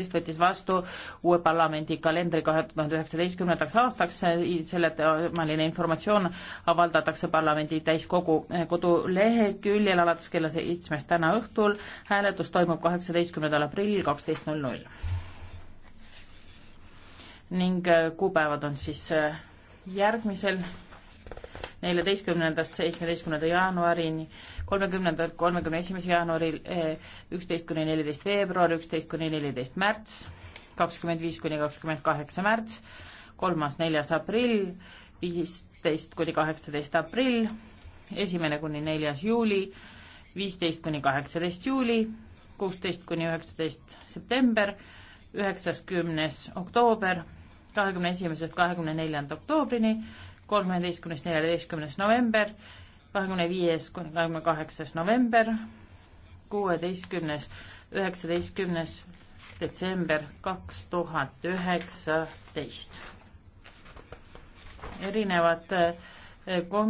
vist võttis vastu uue parlamendi kalendri kahe tuhande üheksateistkümnendaks aastaks, selle teemaline informatsioon avaldatakse parlamendi täiskogu koduleheküljel alates kella seitsmest täna õhtul, hääletus toimub kaheksateistkümnendal aprillil kaksteist null null. ning kuupäevad on siis järgmisel neljateistkümnendast seitsmeteistkümnenda jaanuarini, kolmekümnendal, kolmekümne esimesel jaanuaril, eh, üksteist kuni neliteist veebruar, üksteist kuni neliteist märts, kakskümmend viis kuni kakskümmend kaheksa märts, kolmas, neljas aprill, viisteist kuni kaheksateist aprill, esimene kuni neljas juuli, viisteist kuni kaheksateist juuli, kuusteist kuni üheksateist september, üheksas, kümnes oktoober, kahekümne esimesest kahekümne neljanda oktoobrini kolmeteistkümnes, neljateistkümnes november, kahekümne viies kuni kahekümne kaheksas november, kuueteistkümnes, üheksateistkümnes detsember kaks tuhat üheksateist. erinevad eh, kom-,